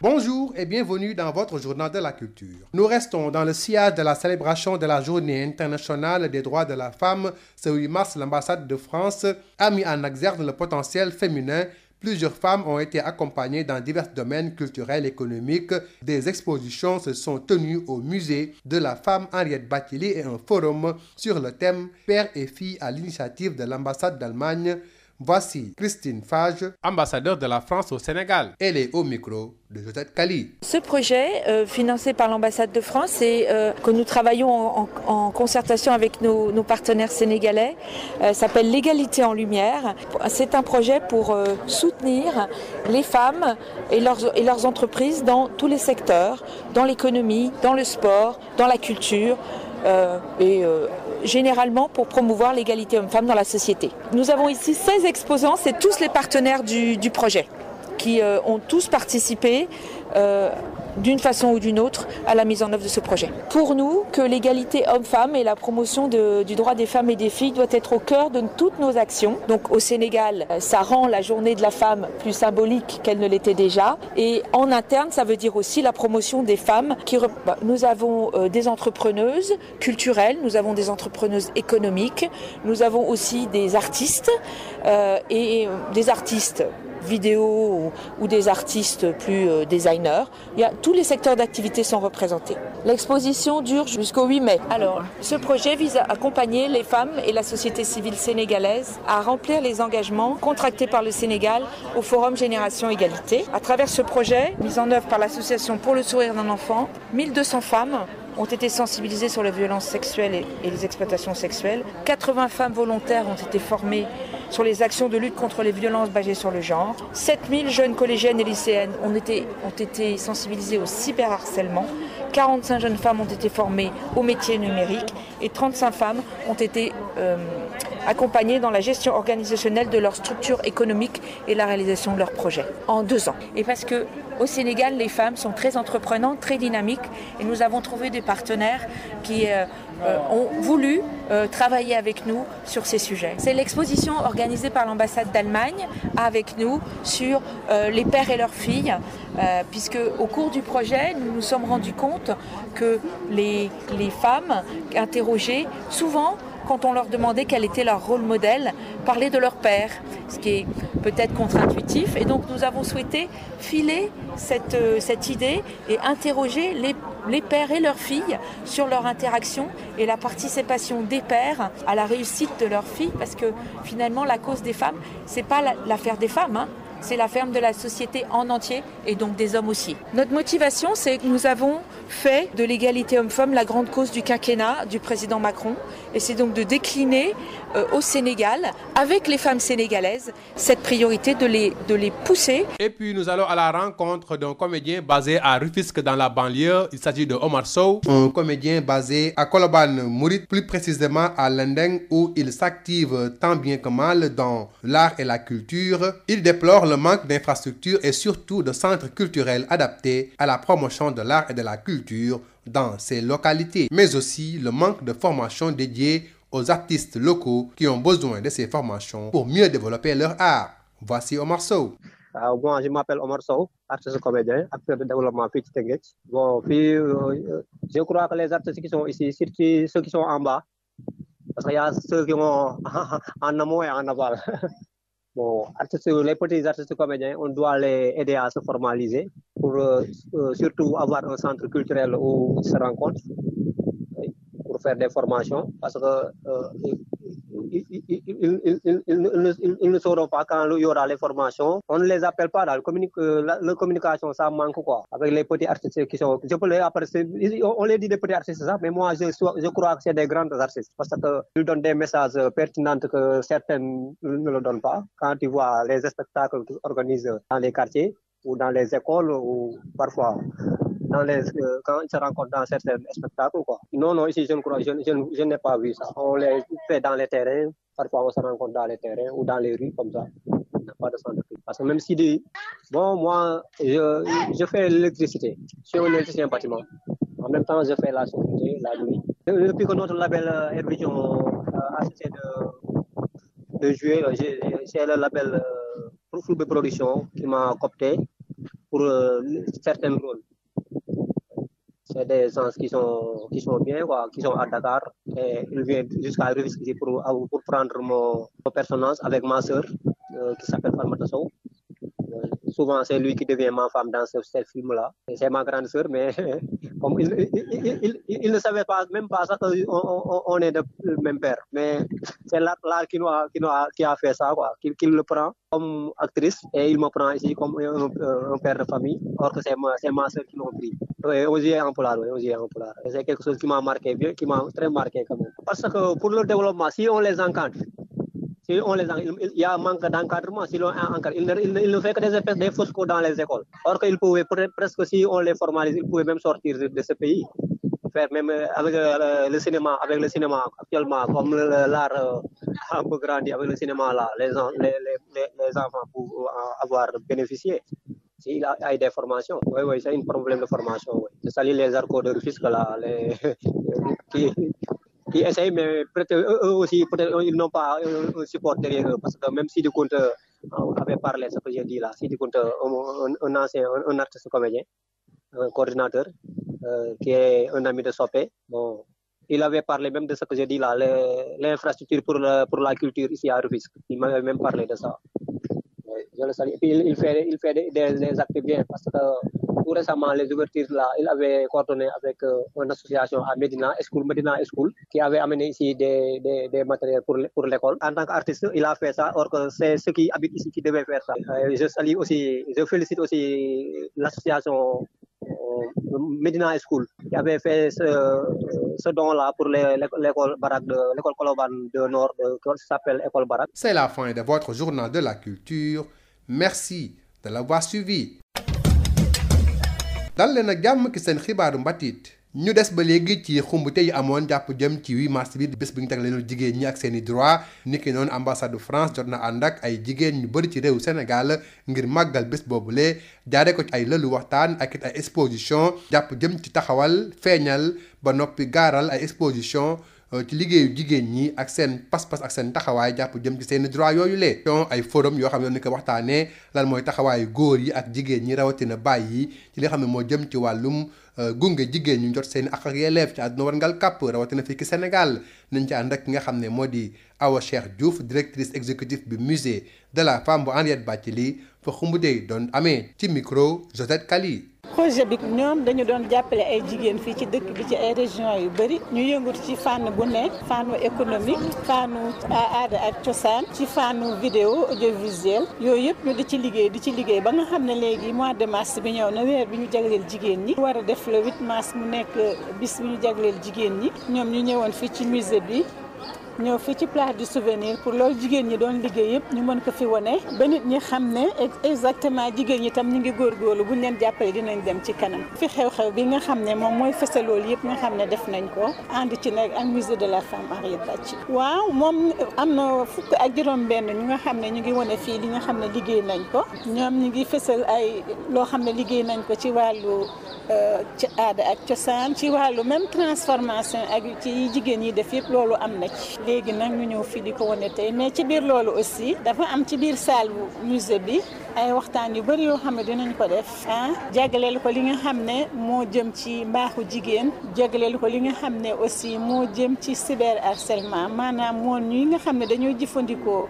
Bonjour et bienvenue dans votre journal de la culture. Nous restons dans le sillage de la célébration de la journée internationale des droits de la femme. Ce 8 mars, l'ambassade de France a mis en exergue le potentiel féminin Plusieurs femmes ont été accompagnées dans divers domaines culturels, économiques. Des expositions se sont tenues au musée de la femme Henriette Bathily et un forum sur le thème Père et fille à l'initiative de l'ambassade d'Allemagne Voici Christine Fage, ambassadeur de la France au Sénégal. Elle est au micro de Josette Kali. Ce projet, euh, financé par l'ambassade de France, c'est euh, que nous travaillons en, en concertation avec nos, nos partenaires sénégalais, euh, s'appelle l'égalité en lumière. C'est un projet pour euh, soutenir les femmes et leurs, entreprises dans tous les secteurs, dans l'économie, dans dans la culture, Euh, et euh, généralement pour promouvoir l'égalité hommes-femmes dans la société. Nous avons ici 16 exposants, c'est tous les partenaires du, du projet qui euh, ont tous participé euh, d'une façon ou d'une autre à la mise en œuvre de ce projet. Pour nous, que l'égalité homme-femme et la promotion de, du droit des femmes et des filles doit être au cœur de toutes nos actions. au Sénégal, euh, ça rend la journée de la femme plus symbolique qu'elle ne l'était déjà. Et en interne, ça veut dire aussi la promotion des femmes. Qui, bah, nous avons euh, des entrepreneuses culturelles, nous avons des entrepreneuses économiques, nous avons aussi des artistes euh, et euh, des vidéo ou, ou des artistes plus euh, designers. Il y a, tous les secteurs d'activité sont représentés. L'exposition dure jusqu'au 8 les femmes et la société civile les engagements contractés par le Sénégal au Forum Génération Égalité. À travers ce projet, mis en œuvre par l'association Pour le ont été sensibilisées sur la violence sexuelle et, et les exploitations sexuelles. 80 sur les actions de lutte contre les violences basées sur le genre. 7000 jeunes collégiennes et lycéennes ont été, ont été sensibilisées au cyberharcèlement. 45 jeunes femmes ont été accompagnés dans la gestion organisationnelle de leur structure économique et la réalisation de leurs projets en deux ans. Et parce que au Sénégal, les femmes sont très entreprenantes, très dynamiques, et nous avons trouvé des partenaires qui euh, euh ont voulu euh, travailler avec nous sur ces sujets. C'est l'exposition organisée par l'ambassade d'Allemagne avec nous sur euh, les pères et leurs filles, euh, puisque au cours du projet, nous nous sommes rendus compte que les, quand on leur demandait quel était leur rôle modèle, parlaient de leur père, ce qui est peut-être contre Et nous avons souhaité filer euh, cette, idée et interroger les, les pères et leurs filles sur leur interaction et la participation des pères à la réussite de leurs filles, parce que finalement la cause des femmes, c'est pas l'affaire des femmes. c'est la ferme de la société en entier et donc des hommes aussi. Notre motivation, c'est que nous avons fait de l'égalité homme-femme la grande cause du quinquennat du président Macron et c'est donc de décliner euh, au Sénégal, avec les femmes sénégalaises, cette priorité de les, pousser. Et puis nous allons à la rencontre d'un comédien basé à Rufisque dans la banlieue. Il s'agit de Omar Sow, comédien basé à Koloban Mourit, plus précisément à Lendeng où il s'active le manque d'infrastructures et surtout de centres culturels adaptés à la promotion de l'art et de la culture dans ces localités, mais aussi le manque de formations dédiées aux artistes locaux qui ont besoin de ces formations pour mieux développer leur art. Voici Omar Sow. waaw ah, bon je m'appelle Omar Sow artiste comédien acteur de développement fii ci euh, je crois que les artistes qui sont ici ceux qui sont en bas parce que y a ceux qui sont en amont et en aval bon, artistes, les petits artistes comédiens, on doit les aider à se formaliser pour euh, euh, surtout avoir un centre culturel où ils se rencontrent pour faire des formations parce que euh, ils, ils, ils, ils, ne, sauront pas quand il y aura les formations. On ne les appelle pas. Là. Le communique, euh, la, la, communication, ça manque quoi. Avec les petits artistes qui sont. Je peux les appeler, on les dit des petits artistes, mais moi, je, crois que c'est des grands artistes parce qu'ils donnent des messages pertinents que certains ne le donnent pas. Quand tu vois les spectacles qu'ils organisent dans les quartiers ou dans les écoles ou parfois dans les, euh, quand ils se rencontrent dans certains spectacles. Non, non, je ne crois, je, n'ai pas vu ça. On les fait dans les terrains, parfois on se rencontre dans les terrains ou dans les rues comme ça. On n'a pas de centre Parce que même si, dit, bon, moi, je, fais l'électricité, je un électricien bâtiment. En même temps, je fais la sécurité, la nuit. Depuis que notre label Hervision a de, de jouer, c'est le label Production qui m'a copté pour euh, et des gens qui sont, qui sont bien, qui sont à Dakar. Et je viens jusqu'à Rufisque pour, pour prendre mon, mon personnage avec ma sœur euh, qui s'appelle Farmata Sow. souvent c'est lui qui devient ma femme dans ce, ce film-là. C'est ma grande sœur, mais comme il, ne savait pas, même pas ça qu'on on, est de même père. Mais c'est l'art, qui, nous a, a, qui a fait ça, quoi. Qu'il, le prend comme actrice et il me prend ici comme un, père de famille, or que c'est ma, sœur qui m'a pris. Oui, aux yeux en polar, oui, aux yeux en polar. C'est quelque chose qui m'a marqué bien, qui m'a très marqué quand Parce que pour le développement, Si on les encadre, il y a un manque d'encadrement, si ne, fait que des espèces de fausses dans les écoles. Or qu'ils pouvaient, presque si on les formalise, ils pouvaient même sortir de, ce pays. Faire même euh, avec euh, le cinéma, avec le cinéma actuellement, comme l'art euh, un peu grandi avec le cinéma là, les, les, les, les enfants pour avoir bénéficié. S'il a, a, des formations, oui, oui, c'est un problème de formation. Oui. C'est les arcos de Rufisque là, les, qui, qui essayent, mais peut-être euh, eux aussi, peut-être euh, ils pas un, euh, support derrière parce que même si du compte avait parlé ce que j'ai dit là, si du compte un, un, un, artiste comédien, un coordinateur, qui est un ami de Sopé, bon, il avait parlé même de ce que j'ai dit là, l'infrastructure pour, la, pour culture ici à Rufisque. Il m'avait même parlé de ça. Et il, fait, des actes bien parce que tout récemment, les ouvertures là, il avait coordonné avec euh, une association à Medina School, Medina School, qui avait amené ici des, matériels pour, l'école. En tant qu'artiste, il a fait ça, or que c'est ceux qui habitent ici qui devaient faire ça. Euh, je salue aussi, je félicite aussi l'association euh, Medina School qui avait fait ce, euh, ce don-là pour l'école Barak de l'école Coloban de Nord, qui s'appelle École Barak. C'est la fin de votre journal de la culture. dal leen ak jàmm ki seen xibaaru mbatiit ñu des ba léegi ci xumbute yi amoon jàpp jëm ci 8 mars bi bés bi ñu teg leen jigéen ñi ak seen i droit niki noonu ambassade de France jot na ànd ak ay jigéen ñu bëri ci réew senegal ngir màggal bés boobu boobule jaare ko ci ay lëlu waxtaan ak ay exposition jàpp jëm ci taxawal feeñal ba noppi gaaral ay exposition Euh, ci liggéeyu jigéen ñi ak seen pas-pas ak seen taxawaay jàpp jëm ci seen droit yooyu lee don ay forum yoo xam ne ni ko waxtaanee lan mooy taxawaayu góor yi ak jigéen ñi rawatina bàyyi yi ci li xam ne moo jëm ci wàllum euh, gunge jigéen ñu jot seen i ak ak ci àdduna warngal kàpp rawatina fii ci Sénégal nañ ci ànd ak nga xam ne moo di Awa Cheikh Diouf directrice exécutive bi musée de la femme bu Henriette Bathily fa xumbudee doon amee ci micro Josette Kali projet bi ñoom dañu doon jàppale ay jigéen fii ci dëkk bi ci ay région yu bëri ñu yëngatu ci fànn bu nekk fànnu économie fànnu aada ak cosaan ci fànnu vidéo audiovisuel yooyu yëpp ñu di ci liggéey di ci liggéey ba nga xam ne léegi mois de mars bi ñëw na bi ñu jagleel jigéen ñi war a def le 8 mars mu nekk bis bi ñu jagleel jigéen ñi ñoom ñu ñëwoon fii ci musée bi ñëw fi ci place du souvenir pour loolu jigéen ñi doon liggéey yëpp ñu mën ko fi wane ba nit ñi xam ne exactement jigéen ñi tam ñu ngi góor góorlu buñ leen jàppale dinañ dem ci kanam fi xew-xew bi nga xam ne moom mooy fësal loolu yëpp nga xam ne def nañ ko ànd ci nag ak musée de la femme Henriette ci waaw moom am na fukk ak juróom benn ñu nga xam ne ñu ngi wane fii li nga xam ne liggéey nañ ko ñoom ñu ngi fësal ay loo xam ne liggéey nañ ko ci wàllu ci euh, aada ak cosaan ci wàllu même transformation ak ci jigéen yi def yëpp loolu am na léegi nag ñu ñëw fii di ko wane tey mais ci biir loolu aussi dafa am ci biir salle musée bi ay waxtaan yu bëri yoo xam ne dinañ ko def ah jagleel ko li nga xam ne moo jëm ci mbaaxu jigéen jagleel ko li nga xam ne aussi moo jëm ci cyber harcèlement maanaam moom ñi nga xam ne dañoo jëfandikoo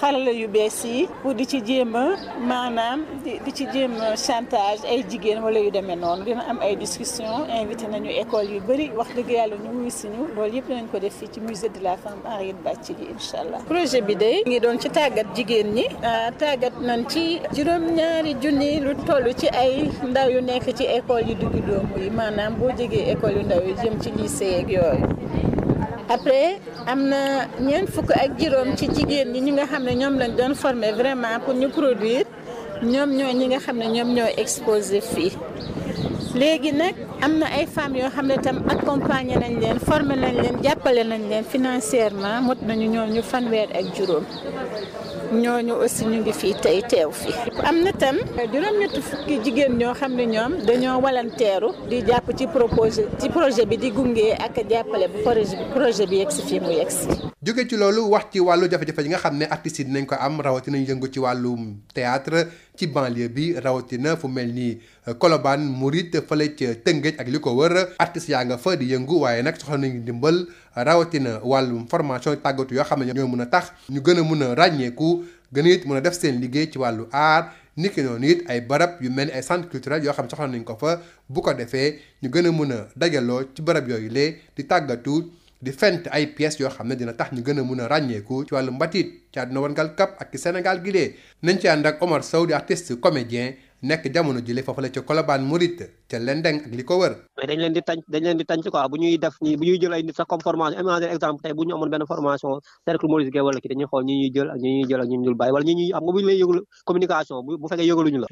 xarala yu bees yi pour di ci jéem a maanaam di ci jéem a chantage ay jigéen wala yu demee noonu dina am ay discussion invité nañu école yu bëri wax dëgg yàlla ñu wuy si ñu loolu yëpp dinañ ko def fii ci musée de la femme Henriette Bathily incha allah. projet tàggat jigéen ñi ah, juróom-ñaari junni lu toll ci ay ndaw yu nekk ci école yu diggu doomu yi maanaam boo jegee école yu ndaw yi jëm ci lycée yeeg yooyu après am na ñeent fukk ak juróom ci jigéen ñi ñi nga xam ne ñoom lañ doon former vraiment pour ñu produire ñoom ñooy ñi nga xam ne ñoom ñoo exposé fii léegi nag am na ay femmes yoo xam ne tam accompagner nañ leen former nañ leen jàppale nañ leen financièrement mot nañu ñu fanweer ak juróom ñoo ñooñu aussi ñu ngi fii tey teew fii am na tam juróom-ñetti fukki jigéen ñoo xam ne ñoom dañoo walanteeru di jàpp ci proposé ci projet bi di gunge ak jàppale bu projet bi yegsi fii mu yegsi jóge ci loolu wax ci wàllu jafe-jafe yi nga xam ne artistes yi dinañ ko am rawatina ñu yëngu ci wàllum théâtre ci banlieue bi rawatina fu mel ni euh, Colobane Mouride fële ca Tëngéej ak li ko war artistes yaa nga fa di yëngu waaye nag soxla nañu ndimbal rawatina wàllu formation tàggatu yoo xam ne ñoo mën a tax ñu gën a mën a ràññeeku gën a it mën a def seen liggéey ci wàllu aar niki noonu it ay barab yu mel ni ay centre culturel yoo xam ne soxla nañ ko fa bu ko defee ñu gën a mën a dajaloo ci barab yooyu lee di tàggatu di fent ay pièces yoo xam ne dina tax ñu gën mun a ràññeeku ci wàllu mbatit ci àdduna warngal kap ak Sénégal gi nañ ci ànd Omar Sow di comédien nekk jamono jile foofu la ca Colobane Mouride ca Lendeng ak li ko wër mais dañ leen di tànc dañ leen bu ñuy def bu ñuy jël ay nit sax comme formation exemple tey bu ñu amoon benn formation cercle Maurice Guèye ki dañuy xool ñi ñuy jël ak ñi ñuy jël ak ñi ñuy bàyyi wala ñi ñuy am nga bu ñu lay yëgul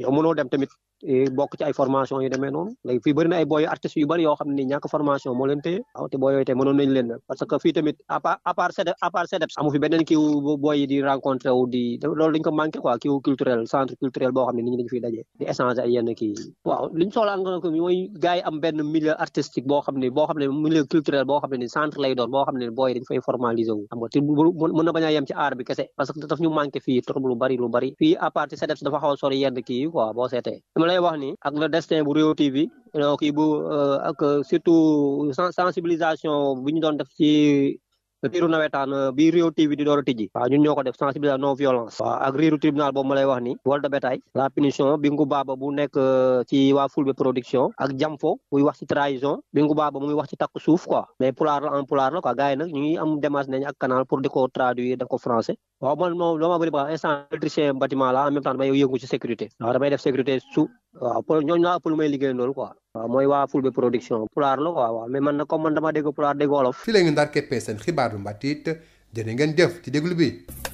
Eh, bokk ci ay formation ay booy artistes yu bëri xam ne ñàkk formation moo leen te booy yooyu tey parce que fii tamit à part à amu fi beneen kii booy yi di rencontré wu di loolu dañ ko manqué quoi kii culturel centre culturel boo xam ne nit ñi dañ daje di échanger ay yenn kii waaw liñ soxla nga ko mooy gars yi am milieu artistique boo xam ne milieu culturel boo xam ni centre lay doon xam ne booy dañ fay formaliser wu xam nga te mën na yem ci lay wax ni ak le bu Réew TV donc bu euh, ak surtout sensibilisation bi ñu doon def ci riiru nawetaan euh, bi Réew TV di door a tijji waaw def sensibilisation non violence waaw ak riiru tribunal boobu ma lay wax ni vol de bétail la punition bi ngu baaba bu nekk euh, ci wa Fulbe production ak Jamfo muy wax ci trahison bi ngu baaba muy wax ci takku suuf quoi mais pulaar la en pulaar la quoi ñu ngi am démarche nañ ak canal pour di ko traduire def ko waaw man moom loo ma bëri ba instant électricien bâtiment la en même temps damay yëngu ci sécurité waaw damay def sécurité su waaw ñooñu laa ëpp lu liggéey loolu ko waaw mooy waa Fulbe production pulaar la quoi waaw mais man nag comme man dama dégg pulaar dégg wolof fi la ñu ndar keppee seen xibaaru mbàttiit jërë ngeen jëf ci déglu bi